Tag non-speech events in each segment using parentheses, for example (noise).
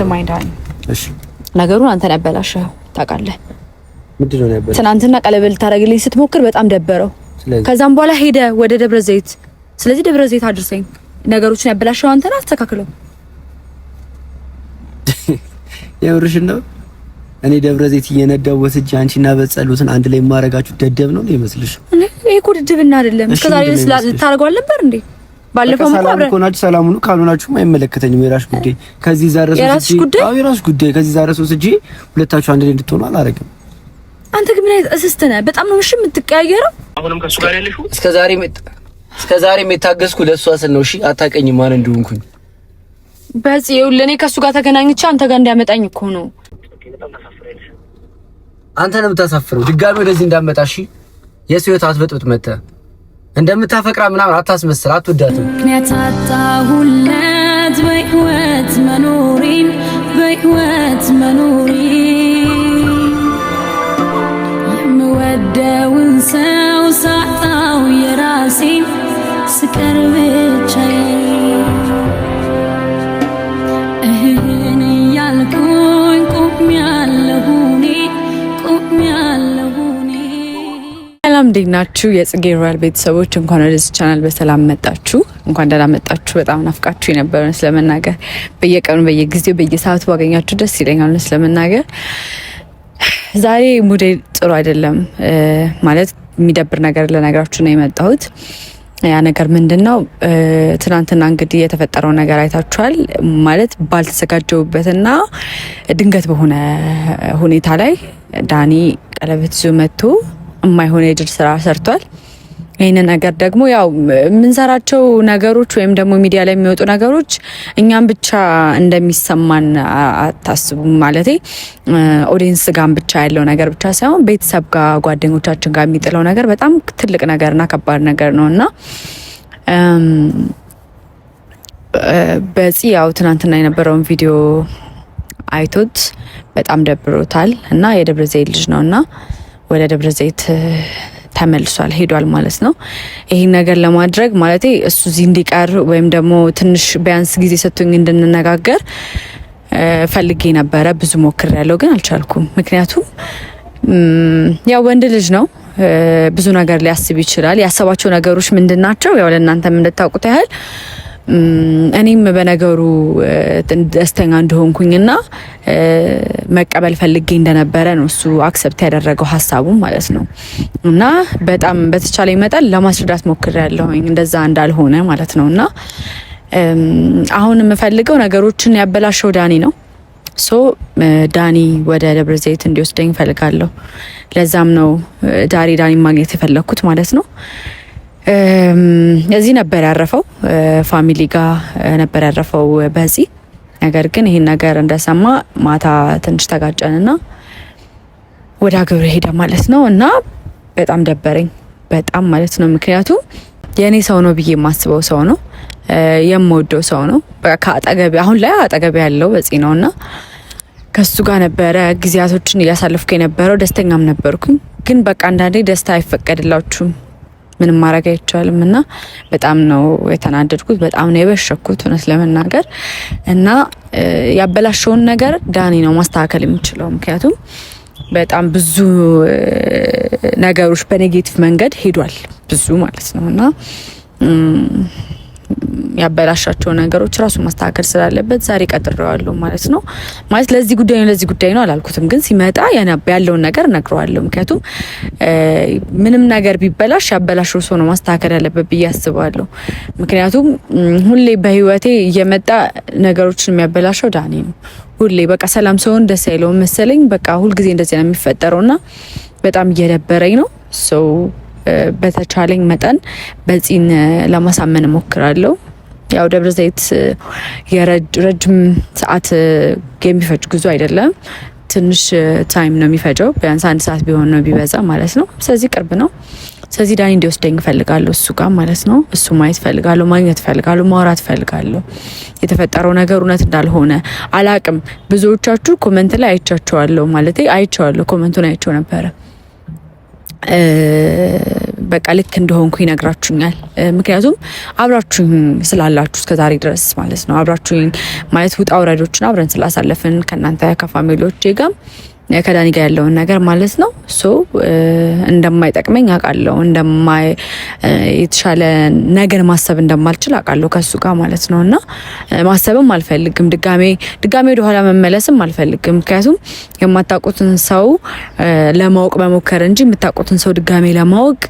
ስማኝ ዳኒ፣ ነገሩን አንተን ያበላሸኸው ታውቃለህ። ትናንትና ቀለበት ልታደርግልኝ ስትሞክር በጣም ደበረው። ከዛም በኋላ ሄደ ወደ ደብረ ዘይት። ስለዚህ ደብረ ዘይት አድርሰኝ። ነገሮችን ያበላሸኸው አንተን፣ አስተካክለው። (laughs) የምርሽን ነው? እኔ ደብረ ዘይት እየነዳው ወስጄ አንቺና በጸሎትን አንድ ላይ የማረጋችሁ ደደብ ነው ነው ይመስልሽ? እኔ እኮ ድድብና አይደለም እስከዛሬ ልታደርገው አልነበር እንዴ? ባለፈው ሰላም ከሆናችሁ ሰላም ሁኑ፣ ካልሆናችሁም አይመለከተኝም። የራስሽ ጉዳይ። ከዚህ ዛሬ ሶስት አዎ የራስሽ ጉዳይ። ከዚህ ዛሬ ሶስት እጂ ሁለታችሁ አንድ ላይ እንድትሆኑ አላረግም። አንተ ግን ምን አይነት እስስት ነህ? በጣም ነው እሺ የምትቀያየረው። አሁንም ከሱ ጋር ያለሽው እስከ ዛሬ እስከ ዛሬ የታገስኩ ለእሷ ስል ነው። እሺ አታውቀኝም ማን እንደሆንኩኝ። በዚህ ይኸውልህ፣ እኔ ከእሱ ጋር ተገናኝቼ አንተ ጋር እንዳያመጣኝ እኮ ነው። አንተ ነው የምታሳፍረው። ድጋሚ ወደዚህ እንዳመጣሽ የሰው ህይወት አትበጥብጥ መተህ እንደምታፈቅራ ምናምን አታስመስል፣ አትወዳትም። ምክንያት አጣሁለት በሕይወት መኖሪን በሕይወት መኖሪ የምወደውን ሰው ሳጣው የራሴን ስቀር ብቻዬን እህን እያልኩ ሰላም እንዴት ናችሁ? የጽጌ ሮያል ቤተሰቦች እንኳን ወደዚህ ቻናል በሰላም መጣችሁ። እንኳን ደህና መጣችሁ። በጣም ናፍቃችሁ የነበረ ስለመናገር በየቀኑ በየጊዜው በየሰዓቱ ባገኛችሁ ደስ ይለኛል ስለመናገር። ዛሬ ሙዴ ጥሩ አይደለም ማለት የሚደብር ነገር ለነገራችሁ ነው የመጣሁት። ያ ነገር ምንድን ነው? ትናንትና እንግዲህ የተፈጠረው ነገር አይታችኋል። ማለት ባልተዘጋጀውበትና ድንገት በሆነ ሁኔታ ላይ ዳኒ ቀለበት ይዞ መጥቶ የማይሆን የድል ስራ ሰርቷል። ይህንን ነገር ደግሞ ያው የምንሰራቸው ነገሮች ወይም ደግሞ ሚዲያ ላይ የሚወጡ ነገሮች እኛም ብቻ እንደሚሰማን አታስቡም። ማለት ኦዲንስ ጋም ብቻ ያለው ነገር ብቻ ሳይሆን ቤተሰብ ጋር፣ ጓደኞቻችን ጋር የሚጥለው ነገር በጣም ትልቅ ነገርና ከባድ ነገር ነው እና በዚህ ያው ትናንትና የነበረውን ቪዲዮ አይቶት በጣም ደብሮታል እና የደብረ ዘይት ልጅ ነው እና ወደ ደብረ ዘይት ተመልሷል ሄዷል ማለት ነው። ይህን ነገር ለማድረግ ማለት እሱ እዚህ እንዲቀር ወይም ደግሞ ትንሽ ቢያንስ ጊዜ ሰጥቶኝ እንድንነጋገር ፈልጌ ነበረ። ብዙ ሞክር ያለው ግን አልቻልኩም። ምክንያቱም ያው ወንድ ልጅ ነው፣ ብዙ ነገር ሊያስብ ይችላል። ያሰባቸው ነገሮች ምንድን ናቸው? ያው ለእናንተም እንድታውቁት ያህል እኔም በነገሩ ደስተኛ እንደሆንኩኝና መቀበል ፈልጌ እንደነበረ ነው እሱ አክሰብት ያደረገው ሀሳቡ ማለት ነው። እና በጣም በተቻለ መጠን ለማስረዳት ሞክር ያለሁኝ እንደዛ እንዳልሆነ ማለት ነው። እና አሁን የምፈልገው ነገሮችን ያበላሸው ዳኒ ነው። ሶ ዳኒ ወደ ደብረ ዘይት እንዲወስደኝ እፈልጋለሁ። ለዛም ነው ዳሪ ዳኒ ማግኘት የፈለግኩት ማለት ነው። እዚህ ነበር ያረፈው፣ ፋሚሊ ጋር ነበር ያረፈው በዚህ ነገር ግን ይህን ነገር እንደሰማ ማታ ትንሽ ተጋጨንና ወደ ሀገሩ ሄደ ማለት ነው። እና በጣም ደበረኝ በጣም ማለት ነው። ምክንያቱም የእኔ ሰው ነው ብዬ የማስበው ሰው ነው፣ የምወደው ሰው ነው። ከአጠገቤ አሁን ላይ አጠገቤ ያለው በፂ ነው እና ከሱ ጋር ነበረ ጊዜያቶችን እያሳለፍኩ የነበረው ደስተኛም ነበርኩኝ። ግን በቃ አንዳንዴ ደስታ አይፈቀድላችሁም ምንም ማድረግ አይቻልም እና በጣም ነው የተናደድኩት። በጣም ነው የበሸኩት እውነት ለመናገር እና ያበላሸውን ነገር ዳኒ ነው ማስተካከል የሚችለው። ምክንያቱም በጣም ብዙ ነገሮች በኔጌቲቭ መንገድ ሄዷል ብዙ ማለት ነው እና ያበላሻቸው ነገሮች ራሱ ማስተካከል ስላለበት ዛሬ ቀጥሬዋለሁ ማለት ነው። ማለት ለዚህ ጉዳይ ነው ለዚህ ጉዳይ ነው አላልኩትም፣ ግን ሲመጣ ያለውን ነገር እነግረዋለሁ። ምክንያቱም ምንም ነገር ቢበላሽ ያበላሸው ሰው ነው ማስተካከል ያለበት ብዬ አስባለሁ። ምክንያቱም ሁሌ በህይወቴ እየመጣ ነገሮችን የሚያበላሸው ዳኔ ነው። ሁሌ በቃ ሰላም ሰውን ደስ አይለውም መሰለኝ። በቃ ሁልጊዜ እንደዚህ ነው የሚፈጠረውና በጣም እየደበረኝ ነው ሰው በተቻለኝ መጠን በፂን ለማሳመን እሞክራለሁ። ያው ደብረ ዘይት የረጅም ሰዓት የሚፈጅ ጉዞ አይደለም። ትንሽ ታይም ነው የሚፈጀው። ቢያንስ አንድ ሰዓት ቢሆን ነው ቢበዛ ማለት ነው። ስለዚህ ቅርብ ነው። ስለዚህ ዳኒ እንዲወስደኝ እፈልጋለሁ እሱ ጋር ማለት ነው። እሱ ማየት እፈልጋለሁ፣ ማግኘት እፈልጋለሁ፣ ማውራት እፈልጋለሁ። የተፈጠረው ነገር እውነት እንዳልሆነ አላቅም። ብዙዎቻችሁ ኮመንት ላይ አይቻቸዋለሁ ማለት አይቸዋለሁ፣ ኮመንቱን አይቸው ነበረ በቃ ልክ እንደሆንኩ ይነግራችሁኛል። ምክንያቱም አብራችሁኝ ስላላችሁ እስከዛሬ ድረስ ማለት ነው። አብራችሁኝ ማለት ውጣ ውረዶችን አብረን ስላሳለፍን ከእናንተ ከፋሚሊዎች ጋር ከዳኒ ጋር ያለውን ነገር ማለት ነው። ሶ እንደማይጠቅመኝ አውቃለሁ፣ እንደማይ የተሻለ ነገር ማሰብ እንደማልችል አውቃለሁ ከሱ ጋር ማለት ነው። እና ማሰብም አልፈልግም፣ ድጋሜ ድጋሜ ወደኋላ መመለስም አልፈልግም። ምክንያቱም የማታውቁትን ሰው ለማወቅ መሞከር እንጂ የምታውቁትን ሰው ድጋሜ ለማወቅ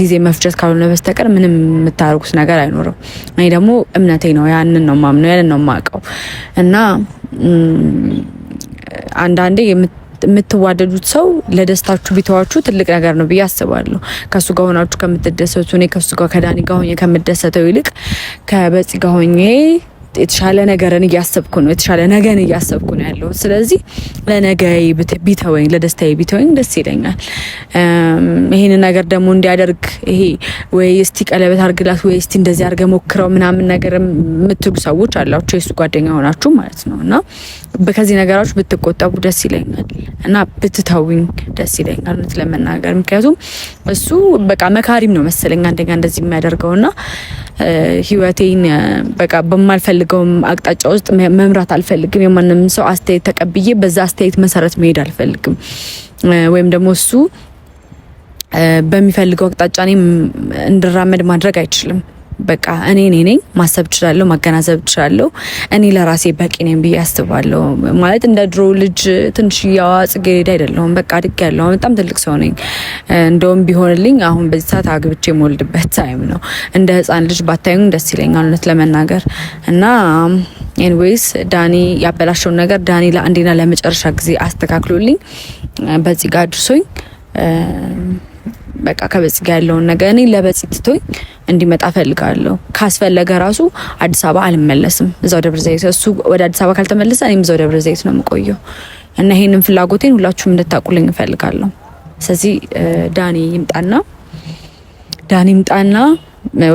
ጊዜ መፍጀት ካልሆነ በስተቀር ምንም የምታደርጉት ነገር አይኖርም። እኔ ደግሞ እምነቴ ነው፣ ያንን ነው ማምነው፣ ያንን ነው የማውቀው እና አንዳንዴ የምትዋደዱት ሰው ለደስታችሁ ቢተዋችሁ ትልቅ ነገር ነው ብዬ አስባለሁ። ከሱ ጋር ሆናችሁ ከምትደሰቱ እኔ ከሱ ጋር ከዳኒ ጋር ሆኜ ከምደሰተው ይልቅ ከበፂ ጋር ሆኜ የተሻለ ነገርን እያሰብኩ ነው፣ የተሻለ ነገን እያሰብኩ ነው ያለው። ስለዚህ ለነገ ቢተወኝ፣ ለደስታዬ ቢተወኝ ደስ ይለኛል። ይህን ነገር ደግሞ እንዲያደርግ ይሄ ወይ እስቲ ቀለበት አርግላት ወይ እስቲ እንደዚህ አርገ ሞክረው ምናምን ነገር የምትሉ ሰዎች አላችሁ፣ የሱ ጓደኛ ሆናችሁ ማለት ነው። እና ከዚህ ነገራችሁ ብትቆጠቡ ደስ ይለኛል እና ብትተውኝ ደስ ይለኛል እውነት ለመናገር ምክንያቱም እሱ በቃ መካሪም ነው መሰለኝ አንደኛ እንደዚህ የሚያደርገውና ህይወቴን በቃ በማልፈልግ በምፈልገውም አቅጣጫ ውስጥ መምራት አልፈልግም። የማንም ሰው አስተያየት ተቀብዬ በዛ አስተያየት መሰረት መሄድ አልፈልግም። ወይም ደግሞ እሱ በሚፈልገው አቅጣጫ እኔ እንድራመድ ማድረግ አይችልም። በቃ እኔ እኔ ነኝ ማሰብ እችላለሁ፣ ማገናዘብ እችላለሁ፣ እኔ ለራሴ በቂ ነኝ ብዬ አስባለሁ። ማለት እንደ ድሮ ልጅ ትንሽ እያዋ ጽጌሬዳ አይደለሁም። በቃ አድግ ያለሁ በጣም ትልቅ ሰው ነኝ። እንደውም ቢሆንልኝ አሁን በዚህ ሰዓት አግብቼ የምወልድበት ታይም ነው። እንደ ህፃን ልጅ ባታዩኝ ደስ ይለኛል እውነት ለመናገር እና ኤንዌይስ ዳኒ ያበላሸውን ነገር ዳኒ ለአንዴና ለመጨረሻ ጊዜ አስተካክሎልኝ በዚህ ጋር አድርሶኝ በቃ ከበጽ ጋር ያለውን ነገር እኔ ለበጽ ትቶኝ እንዲመጣ ፈልጋለሁ። ካስፈለገ ራሱ አዲስ አበባ አልመለስም፣ እዛው ደብረ ዘይት እሱ ወደ አዲስ አበባ ካልተመለሰ እኔም እዛው ደብረ ዘይት ነው የምቆየው እና ይሄንን ፍላጎቴን ሁላችሁም እንድታቁልኝ እፈልጋለሁ። ስለዚህ ዳኒ ይምጣና ዳኒ ይምጣና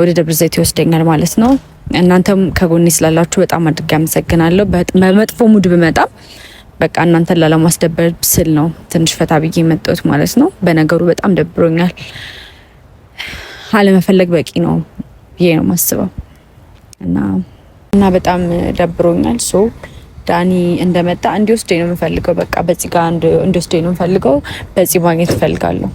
ወደ ደብረ ዘይት ይወስደኛል ማለት ነው። እናንተም ከጎኔ ስላላችሁ በጣም አድርጌ አመሰግናለሁ። በመጥፎ ሙድ ብመጣም በቃ እናንተን ላለማስደበር ስል ነው ትንሽ ፈታ ብዬ የመጣሁት ማለት ነው። በነገሩ በጣም ደብሮኛል። አለመፈለግ በቂ ነው ብዬ ነው ማስበው እና እና በጣም ደብሮኛል። ሶ ዳኒ እንደመጣ እንዲወስደኝ ነው የምፈልገው። በቃ በዚህ ጋር እንዲወስደኝ ነው የምፈልገው። በዚህ ማግኘት እፈልጋለሁ።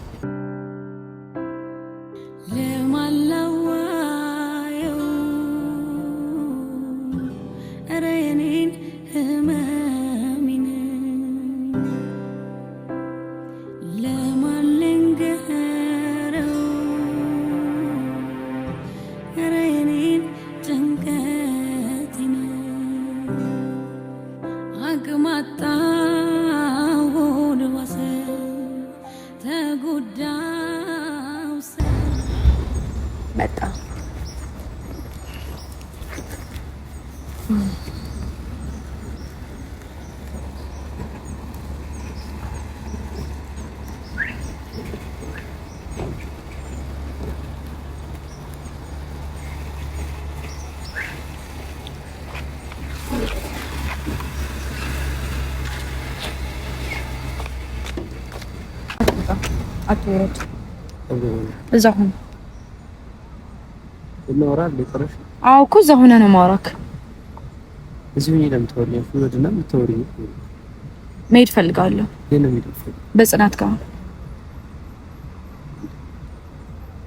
መጣ ውረድ። እዛ ሁን። አዎ እኮ እዛ ሆነ ነው ማውራክ። እዚሁ እኔ ለምታወሪ ፍወድና ምታወሪ መሄድ ፈልጋለሁ። በጽናት ጋር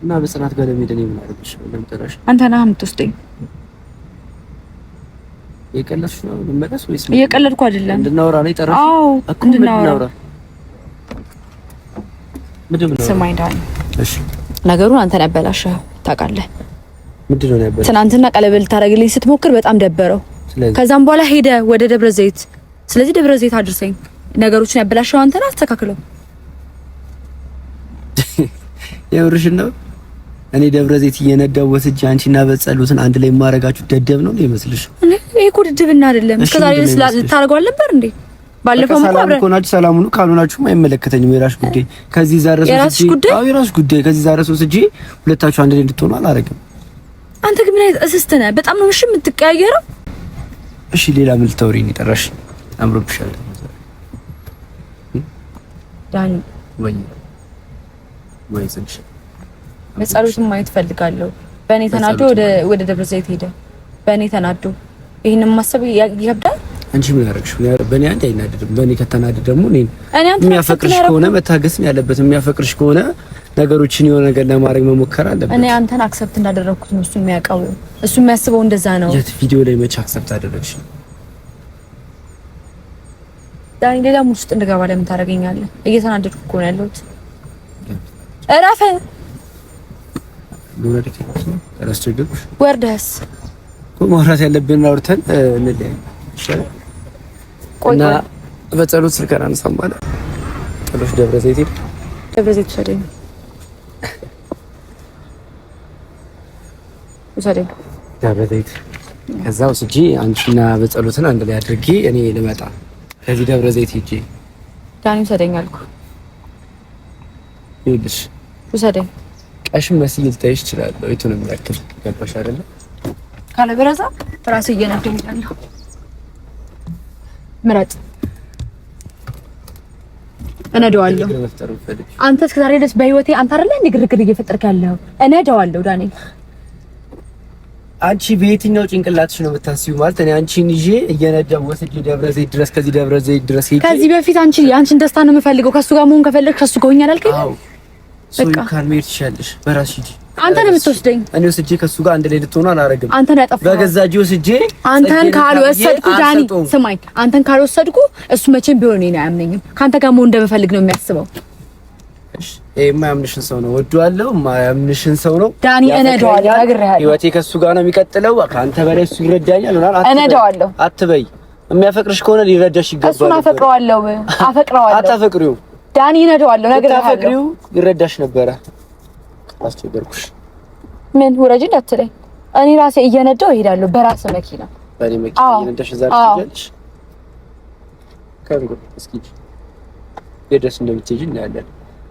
እና በጽናት ጋር ለመሄድ እኔ ምን አደረግሽ? ለምጠራሽ አንተ ነህ የምትወስደኝ። እየቀለድኩ አይደለም። እንድናወራ ነው የጠራሽ? አዎ እንድናወራ ስማኝ ዳኒ፣ ነገሩን አንተን ያበላሸኸው ታውቃለህ። ትናንትና ቀለበት ልታደርግልኝ ስትሞክር በጣም ደበረው። ከዛም በኋላ ሄደ ወደ ደብረ ዘይት። ስለዚህ ደብረ ዘይት አድርሰኝ። ነገሮችን ያበላሸኸው አንተን፣ አስተካክለው። (laughs) የምርሽን ነው? እኔ ደብረ ዘይት እየነዳው ወስጄ አንቺና በጸሎትን አንድ ላይ የማረጋችሁ ደደብ ነው ነው ይመስልሽ? እኔ እኮ ድድብና አይደለም። እስከዛሬ ልታደርገው አልነበር እንዴ? ባለፈው ሰላም ከሆናችሁ ሰላም ሁኑ፣ ካልሆናችሁም አይመለከተኝም። የራስሽ ጉዳይ። ከዚህ ዛሬ ሶስት ጉዳይ፣ አዎ የራስሽ ጉዳይ። ከዚህ ዛሬ ሶስት እጂ ሁለታችሁ አንድ ላይ እንድትሆኑ አላረግም። አንተ ግን ምን አይነት እስስት ነህ? በጣም ነው እሺ የምትቀያየረው። እሺ ሌላ ምን ልታወሪ ነው የጠራሽ? አምሮብሻል ዳኒ። ወይ ወይ ዘንሽ መጻሉትን ማየት ፈልጋለሁ። በእኔ ተናዶ ወደ ደብረ ዘይት ሄደ። በእኔ ተናዶ ይሄንን ማሰብ ይከብዳል። አንቺ ምን ያደረግሽ? በእኔ አንድ አይናደድም። በእኔ ከተናደድ ደግሞ እኔን የሚያፈቅርሽ ከሆነ መታገስም ያለበት የሚያፈቅርሽ ከሆነ ነገሮችን የሆነ ነገር ለማድረግ መሞከር አለበት። እኔ አንተን አክሰፕት እንዳደረግኩት ነው እሱ የሚያውቀው። እሱ የሚያስበው እንደዛ ነው። የት ቪዲዮ ላይ መቼ አክሰፕት አደረግሽ? ዳኒ፣ ሌላ ሙድ ውስጥ እንድገባ ለምን ታደርገኛለህ? እየተናደድኩ እኮ ነው ያለሁት። እረፍ። ወርደስ ማውራት ያለብን አውርተን እንለያይ ይሻላል። እና በጸሎት ስልከን አነሳም አለ። ጥሎሽ ደብረ ዘይት ሄድ ደብረ ዘይት ውሰደኝ ውሰደኝ ደብረ ዘይት። ከዛ ውስጂ አንቺና በጸሎትን አንድ ላይ አድርጌ እኔ ልመጣ ከዚህ ደብረ ዘይት ሄጄ ዳኒ ውሰደኝ አልኩ። ይኸውልሽ ውሰደኝ ቀሽም መስል ልታይሽ እችላለሁ። የቱንም ያክል ገባሽ አይደለ? ካለበለዚያ ራሴ እየነደኝ ያለው ምረጥ። እነደዋለሁ። አንተ እስከዛሬ ድረስ በህይወቴ አንተ አይደለ እንደ ግርግር እየፈጠርክ ያለው። እነደዋለሁ ዳኒ። አንቺ በየትኛው ጭንቅላትሽ ነው የምታስቢው? ማለት እኔ አንቺን ይዤ እየነዳሁ ወስጄ ደብረ ዘይት ድረስ ከዚህ ደብረ ዘይት ድረስ ከዚህ በፊት አንቺ አንቺን ደስታ ነው የምፈልገው። ከሱ ጋር መሆን ከፈለግሽ ከሱ ጋር ሆኛል አልከኝ። አዎ ካንሜር ትሻለሽ። በራስሽ ሂጂ። አንተ ነው የምትወስደኝ። እኔ ወስጄ ከሱ ጋር አንድ ላይ ልትሆኑ አላረግም። አንተን ያጠፋው በገዛ እጄ ወስጄ አንተን ካልወሰድኩ ዳኒ፣ ስማኝ፣ አንተን ካልወሰድኩ እሱ መቼም ቢሆን እኔን አያምነኝም። ከአንተ ጋር መሆን እንደምፈልግ ነው የሚያስበው። የማያምንሽን ሰው ነው ወዷለው። የማያምንሽን ሰው ነው ዳኒ፣ እነዳዋለሁ። ነግሬሃለሁ። ህይወቴ ከሱ ጋር ነው የሚቀጥለው። ከአንተ በላይ እሱ ይረዳኛል። እነዳዋለሁ። አትበይ። የሚያፈቅርሽ ከሆነ ሊረዳሽ ይገባል። እሱን አፈቅረዋለሁ። አፈቅረዋለሁ። አታፈቅሪውም ዳኒ እነደዋለሁ። ነገር ታፈቅሪው ይረዳሽ ነበረ። አስቸገርኩሽ። ምን ውረጅ እንዳትለኝ። እኔ ራሴ እየነዳው እሄዳለሁ በራስ መኪና። በእኔ መኪና እየነዳሽ እዛ ትሄጃለሽ። ከንጉ እስኪ የት ደስ እንደምትሄጂ እናያለን።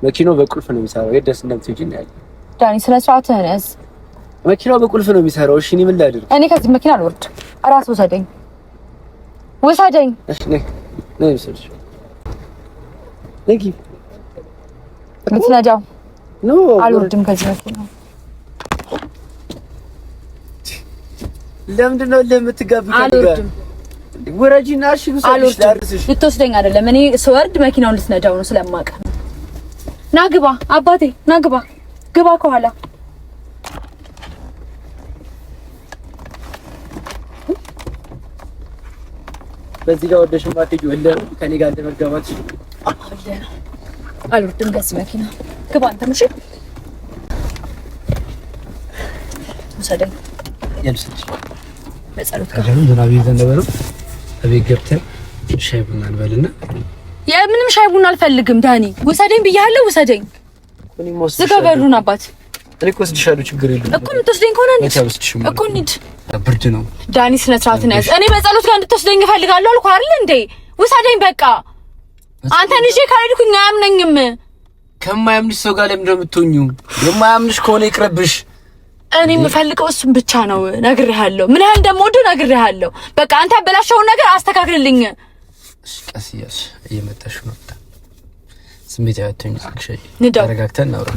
መኪናው በቁልፍ ነው የሚሰራው። የት ደስ እንደምትሄጂ እናያለን። ዳኒ ስነ ስርዓትህን እዝ። መኪናው በቁልፍ ነው የሚሰራው። እሺ እኔ ምን ላድርግ? እኔ ከዚህ መኪና አልወርድ። ራስ ውሰደኝ፣ ውሰደኝ። እሺ ነይ ነይ ምትነዳው አልወርድም ከዚህ መኪና። ለምንድን ነው ለምትጋብ አልወርድም። ወረጂና እሺ፣ ልትወስደኝ አይደለም። እኔ ስወርድ መኪናውን ልትነዳው ነው ስለማውቅ። ናግባ አባቴ፣ ናግባ ግባ ከኋላ በዚህ ጋር ወደሽ ማትሄጂው እንደ ከኔ ጋር እንደመጋባት አልወርድም። ከዚህ መኪና ግባ አንተ ምሽ ውሰደኝ ያልሰች በጸሎት ዝናብ እየዘነበ ነው። እቤት ገብተን ሻይ ቡና እንበልና የምንም ሻይ ቡና አልፈልግም ዳኒ። ውሰደኝ ብያለሁ፣ ውሰደኝ። ዝጋ በሩን አባት እኔ እኮ ወስድሻለሁ፣ ችግር የለም እኮ የምትወስደኝ ከሆነ እኮ እንሂድ። ብርድ ነው ዳኒ፣ ስነ ስርዓት ነው። እኔ በጸሎት ጋር እንድትወስደኝ እፈልጋለሁ አልኩህ አይደል እንዴ? ውሰደኝ በቃ። አንተን ይዤ ካልሄድኩኝ አያምነኝም። ከማያምንሽ ሰው ጋር ለምንድን ነው የምትሆኚው? የማያምንሽ ከሆነ ይቅረብሽ። እኔ የምፈልገው እሱን ብቻ ነው። ነግሬሃለሁ፣ ምን ያህል እንደምወደው ነግሬሃለሁ። በቃ አንተ ያበላሸውን ነገር አስተካክልልኝ። ቀስ እያልሽ እየመጣሽ ነው ስሜት ያተኝ ተረጋግተን እናውራ።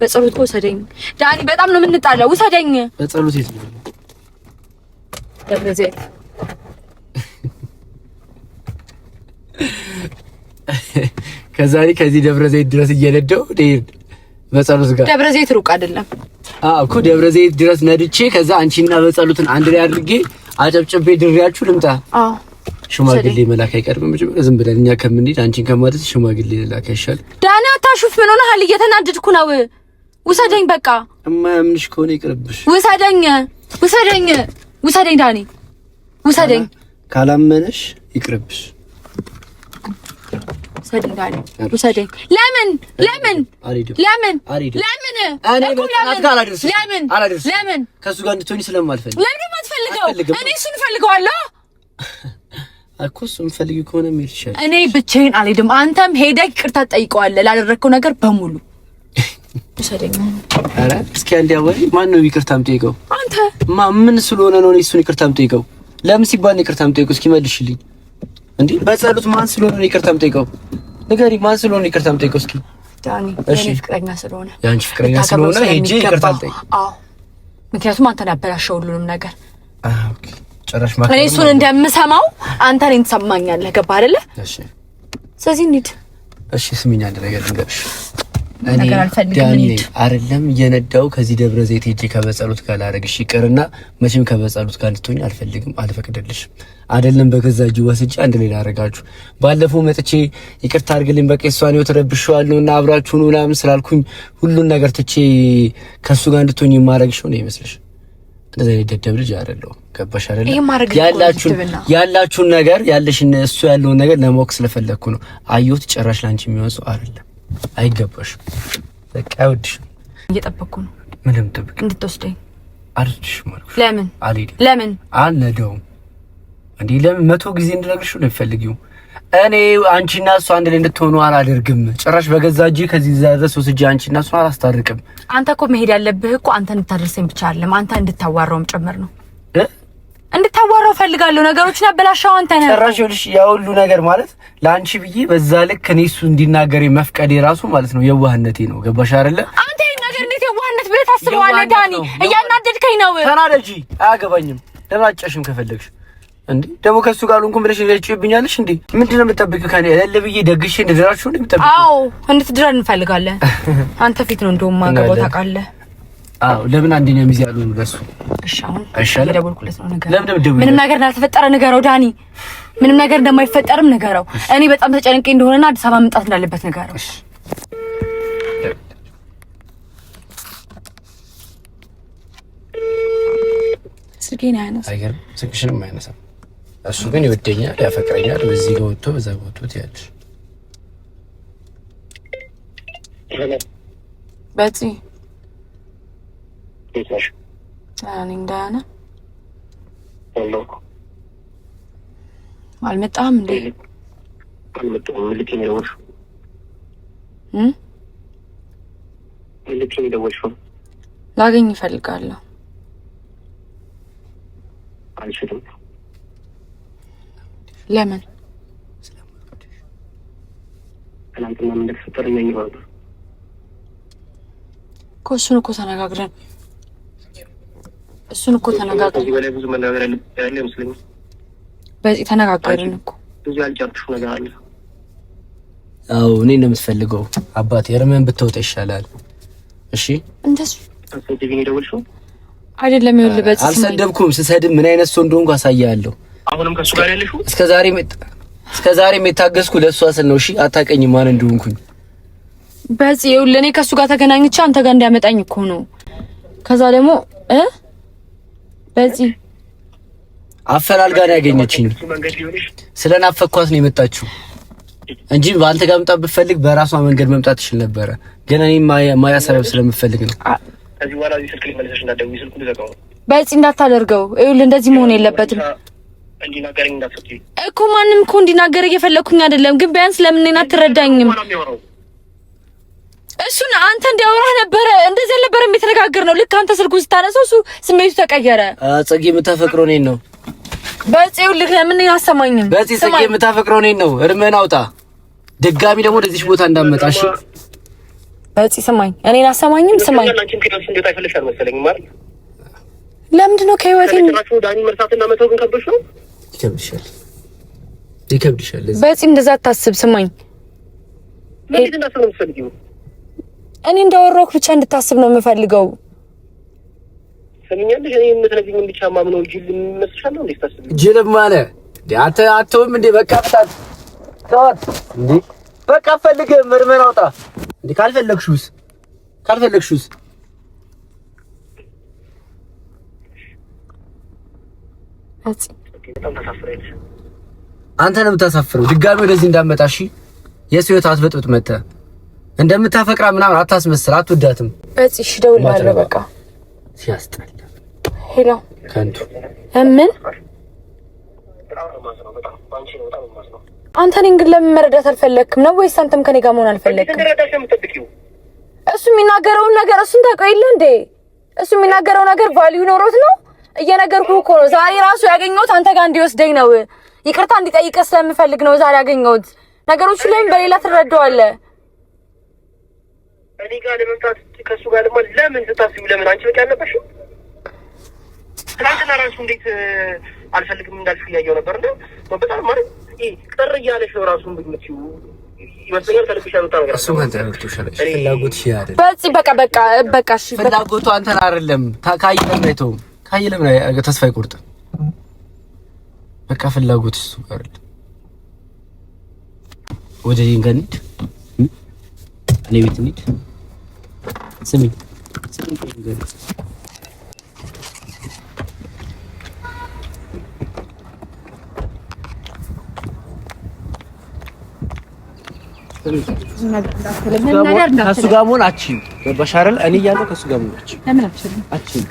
በጸሎት ውሰደኝ ዳኒ፣ በጣም ነው የምንጣለው። ውሰደኝ በጸሎት የት ነው ደብረ ከዛ ከዚህ ደብረ ዘይት ድረስ እየነደው ደይር በጸሎት ጋር ደብረ ዘይት ሩቅ አይደለም። አዎ እኮ ደብረ ዘይት ድረስ ነድቼ ከዛ አንቺና በጸሎትን አንድ ላይ አድርጌ አጨብጭቤ ድሪያችሁ ልምጣ። አዎ ሽማግሌ መላክ አይቀርም። መጀመሪያ ዝም ብለን እኛ ከምንሄድ አንቺን ከማለት ሽማግሌ መላክ ይሻል። ዳኒ አታሹፍ። ምን ሆነ ሀል? እየተናደድኩ ነው። ውሰደኝ፣ በቃ እማያምንሽ ከሆነ ይቅርብሽ። ውሰደኝ፣ ውሰደኝ፣ ውሰደኝ፣ ዳኒ ውሰደኝ። ካላመነሽ ይቅርብሽ። ውሰደኝ ዳኒ ውሰደኝ። ለምን ለምን ለምን ለምን ለምን ከእሱ ጋር እንድትሆኝ ስለማልፈልግ ለምን አትፈልገው? እኔ እሱን እፈልገዋለሁ አኮስ እንፈልግ ከሆነ ምን እኔ ብቻዬን አልሄድም። አንተም ሄደህ ይቅርታ ትጠይቀዋለህ ላደረግከው ነገር በሙሉ። (laughs) እስኪ አንዴ አወሪ። ይቅርታ የምጠይቀው? አንተ ማ ምን ስለሆነ ነው እሱን ይቅርታ የምጠይቀው? ለምን ሲባል ነው ይቅርታ የምጠይቀው? እስኪ መልሽልኝ። በጸሎት ማን ስለሆነ ነው ይቅርታ የምጠይቀው? ንገሪ፣ ማን ስለሆነ ይቅርታ የምጠይቀው? እስኪ ዳኒ፣ ፍቅረኛ ስለሆነ የአንቺ ፍቅረኛ ስለሆነ ሄጄ ይቅርታ አልጠይቅም። አዎ፣ ምክንያቱም አንተ ያበላሸው ሁሉንም ነገር። ኦኬ ጭራሽ እኔ እሱን እንደምሰማው አንተ እኔን ትሰማኛለህ። ገባህ አይደለ? እሺ፣ ስለዚህ እንሂድ። እሺ፣ ስሚኝ፣ አንድ ነገር ልንገርሽ። እኔ ዳኒ አይደለም የነዳው ከዚህ ደብረ ዘይት ሄጄ ከበጸሉት ጋር ላደርግሽ ይቅርና መቼም ከበጸሉት ጋር ልትሆኝ አልፈልግም፣ አልፈቅድልሽም። አይደለም በገዛ እጅ ወስጄ አንድ ላይ ላደርጋችሁ። ባለፈው መጥቼ ይቅርታ አድርግልኝ፣ በቃ እሷን ህይወት ረብሼዋለሁና አብራችሁን ምናምን ስላልኩኝ ሁሉን ነገር ትቼ ከእሱ ጋር እንድትሆኝ የማደርግሽ ነው ይመስልሽ? እንደዚህ አይነት ደደብ ልጅ አይደለሁም። ገባሽ አይደለም? ያላችሁን ነገር ያለሽን እሱ ያለውን ነገር ለማወቅ ስለፈለግኩ ነው። አየሁት። ጭራሽ ላንቺ የሚሆን ሰው አይደለም። አይገባሽም። በቃ አይወድሽም። እየጠበቅኩ ነው። ምንም ጠብቅ እንድትወስደኝ አልወድሽም አልኩሽ። ለምን አልሄድም። ለምን አልነደውም እንዴ? ለምን መቶ ጊዜ እንድነግርሽ ነው የሚፈልጊው እኔ አንቺና እሱ አንድ ላይ እንድትሆኑ አላደርግም። ጭራሽ በገዛ እጄ ከዚህ ድረስ ወስጄ አንቺና እሱ አላስታርቅም። አንተ እኮ መሄድ ያለብህ እኮ አንተ እንድታደርሰኝ ብቻ አይደለም፣ አንተ እንድታዋራውም ጭምር ነው። እንድታዋራው ፈልጋለሁ። ነገሮችን ያበላሻው አንተ ነህ። ጭራሽ ይኸውልሽ፣ ያ ሁሉ ነገር ማለት ለአንቺ ብዬ በዛ ልክ እኔ እሱ እንዲናገር መፍቀዴ ራሱ ማለት ነው የዋህነቴ ነው። ገባሽ አይደለ? አንተ ይሄን ነገር እንዴት የዋህነት ብለህ ታስበዋለህ? ዳኒ፣ እያናደድከኝ ነው። ተናደጂ፣ አያገባኝም። ለማጨሽም ከፈለግሽ እንዴ ደግሞ ከሱ ጋር አልሆንኩም ብለሽ ለጭ ይብኛለሽ እንዴ? ምንድን ነው የምጠብቂው? ከኔ ያለ ብዬ ደግሼ እንድድራችሁ ነው የምጠብቂው? አዎ እንድትድራን እንፈልጋለን። አንተ ፊት ነው እንደውም ማገባው ታውቃለህ። አዎ ለምን አንደኛ ሚዜ ያሉን በሱ እሺ፣ አሁን እሺ፣ ለደወልኩለት ነው ነገር ለምን ምንም ነገር እንዳልተፈጠረ ንገረው ዳኒ፣ ምንም ነገር እንደማይፈጠርም ንገረው። እኔ በጣም ተጨንቄ እንደሆነና አዲስ አበባ መምጣት እንዳለበት ንገረው። እሺ ስልኬን አያነሳም፣ ስልክሽንም አያነሳም እሱ ግን ይወደኛል፣ ያፈቅረኛል። በዚህ ጋር በዛ ጋር ትያለሽ። በፂ እኔ እንዳያነ እንዴ? ላገኝ እፈልጋለሁ። አልችልም ለምን ትናንትና ምን እንደተፈጠረ እኛ ይሆናል እኮ እሱን እኮ ተነጋግረን እሱን እኮ ተነጋግረን ከዚህ በላይ ብዙ መናገር ያለ በዚህ ተነጋገርን እኮ ብዙ ነገር አለ። አዎ እኔ እንደምትፈልገው አባቴ እርምህን ብትወጣ ይሻላል። እሺ እንደሱ አይደለም ይኸውልህ፣ በዚህ አልሰደብኩም። ስሰድብ ምን አይነት ሰው እንደሆንኩ አሳያለሁ። አሁንም ከሱ ጋር ያለሹ እስከ ዛሬ እስከ ዛሬ የታገዝኩ ለእሷ ስል ነው። እሺ አታውቀኝም ማን እንደሆንኩኝ። በጽ ይው ለኔ ከሱ ጋር ተገናኝቼ አንተ ጋር እንዲያመጣኝ እኮ ነው። ከዛ ደግሞ እ በጽ አፈላልጋ ነው ያገኘችኝ። ስለናፈኳት ነው የመጣችው እንጂ በአንተ ጋር መምጣት ብፈልግ በራሷ መንገድ መምጣት ትችል ነበረ። ግን እኔ ማያ ማያ ሰበብ ስለምፈልግ ነው። በጽ እንዳታደርገው ይኸውልህ፣ እንደዚህ መሆን የለበትም። እንዲናገረኝ እንዳትሰጪኝ እኮ ማንም እኮ እንዲናገር እየፈለኩኝ አይደለም፣ ግን ቢያንስ ለምን እኔን አትረዳኝም? እሱን አንተ እንዲያወራህ ነበረ። እንደዚህ አልነበረ የተነጋገር ነው። ልክ አንተ ስልኩን ስታነሳው እሱ ስሜቱ ተቀየረ። ጽጌ የምታፈቅረው እኔን ነው። በጽው ልክ ለምን አሰማኝም? በጽ ጽጌ የምታፈቅረው እኔን ነው። እርምህን አውጣ። ድጋሚ ደግሞ ወደዚህ ቦታ እንዳመጣሽ በጽ ስማኝ፣ እኔን አሰማኝም። ስማኝ ለምንድን ነው ከህይወቴ ዳኒ መርሳትና መተው ግን ከብሽ ነው ይከብድሻል፣ ይከብድሻል። በፂ እንደዛ አታስብ። ስማኝ፣ እኔ እንዳወራሁ ብቻ እንድታስብ ነው የምፈልገው። ጅልም አተ አተውም እንዴ? በቃ እንዴ? በቃ ፈልግ፣ ምርመራ አውጣ እንዴ። ካልፈለግሽውስ ካልፈለግሽውስ አጽ አንተ ነው የምታሳፍረው። ድጋሚ ወደዚህ እንዳመጣ እሺ። የሱ ህይወት አትበጥብጥ። መተህ እንደምታፈቅራ ምናምን አታስመስል። አትወዳትም። እጽ እሺ፣ እደውልልሃለሁ። በቃ ሲያስጠላ። ሄሎ ከንቱ ምን አንተ እኔን ግን ለምን መረዳት አልፈለክም ነው ወይስ አንተም ከኔ ጋር መሆን አልፈለክም? እሱ የሚናገረውን ነገር እሱን ታውቀው የለ እንዴ? እሱ የሚናገረው ነገር ቫልዩ ኖሮት ነው እየነገርኩ እኮ ነው። ዛሬ ራሱ ያገኘሁት አንተ ጋር እንዲወስደኝ ነው። ይቅርታ እንዲጠይቅህ ስለምፈልግ ነው ዛሬ ያገኘሁት። ነገሮቹ ላይም በሌላ ትረዳዋለህ። እኔ ጋር ለመምጣት ከእሱ ጋር ደግሞ ለምን ስታስቢው ለምን አንቺ በቃ ያለበሽ ትናንትና ራሱ እንዴት አልፈልግም እንዳልሽ እያየው ነበር። እንደ በጣም ማለት ቅር እያለሽ ነው ራሱ ብትመጪው ፍላጎት በቃ በቃ በቃ ፍላጎቱ አንተን አይደለም ካየህ ነው የተውም ሀይ ለምን ተስፋ አይቆርጥም? በቃ ፍላጎት እሱ ጋር አለ። ወደ እኔ ጋር እንሂድ፣ እኔ ቤት እንሂድ። ስሚ ከእሱ ጋር መሆን አችልም። ገባሽ እኔ እያለሁ ከእሱ ጋር መሆን አችልም።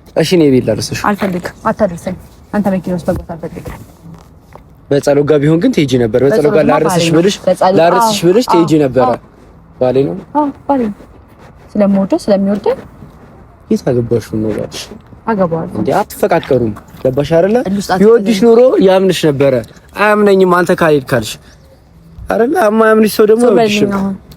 እሺ ነው ቤት ላድርስሽ። አልፈልግም፣ አታደርሰኝ። አንተ መኪና ውስጥ መግባት አልፈልግም። በጸሎት ጋር ቢሆን ግን ትሄጂ ነበር። በጸሎት ጋር ላድርስሽ ብልሽ ላድርስሽ ብልሽ ትሄጂ ነበር። ባሌ ነው። አዎ ባሌ ስለምወደው ስለሚወደው የት አገባሽ ነው ባልሽ አገባዋለሁ እንዴ? አትፈቃቀሩም። ገባሽ አይደለ? ቢወድሽ ኑሮ ያምንሽ ነበረ። አያምነኝም አንተ ካልሄድ ካልሽ አይደለ? አማያምንሽ ሰው ደግሞ አይወድሽም።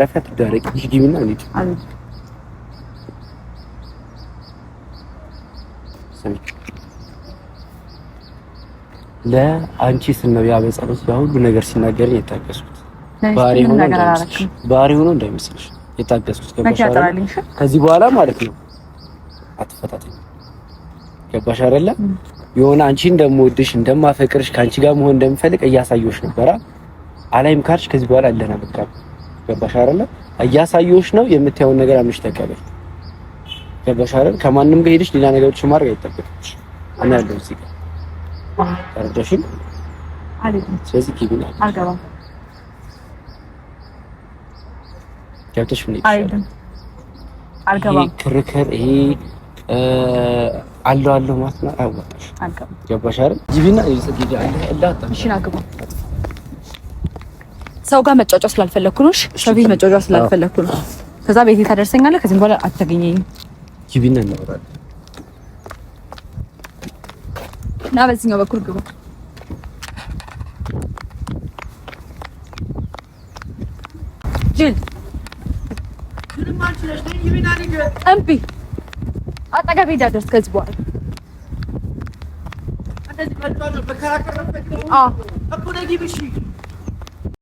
ረፊያ ትዳረቅ ይሽ ግቢና ለአንቺ ስል ነው ሁሉ ነገር ሲናገር የታገስኩት ባህሪ ሆኖ እንዳይመስልሽ የታገስኩት ገባሽ። ከዚህ በኋላ ማለት ነው አትፈታተኝ። ገባሽ አይደለ? የሆነ አንቺ እንደምወድሽ እንደማፈቅርሽ ከአንቺ ጋር መሆን እንደምፈልግ እያሳየሁሽ ነበራ። አላይም ካልሽ ከዚህ በኋላ አለና በቃ ገባሽ አይደለ? እያሳየሁሽ ነው የምታየውን ነገር አምነሽ ተቀበል። ገባሽ አይደል? ከማንም ጋር ሄደሽ ሌላ ነገሮች ማድረግ አይጠበቅብሽ። እና ያለው እዚህ ጋር አለኝ። ስለዚህ ኪቢና አልገባም ገብተሽ ምን ይሻላል? አልገባም ክርክር ይሄ አለው አለው ማለት ነው። አያዋጣሽ። ገባሽ አይደል? ጊቢና ይዘግይዳ አለ እንዳጣ እሺ፣ አግባ ሰው ጋር መጫጫ ስላልፈለኩ ነው። ሰው ቤት መጫጫ ስላልፈለኩ ነው። ከዛ ቤት ታደርሰኛለህ። ከዚህ በኋላ አታገኘኝም። ግቢና እናወራለን። ና በዚህኛው በኩል ግቡ። ጅል እምቢ አጠገቤ እንዳደርስ ከዚህ በኋላ ነው። አዎ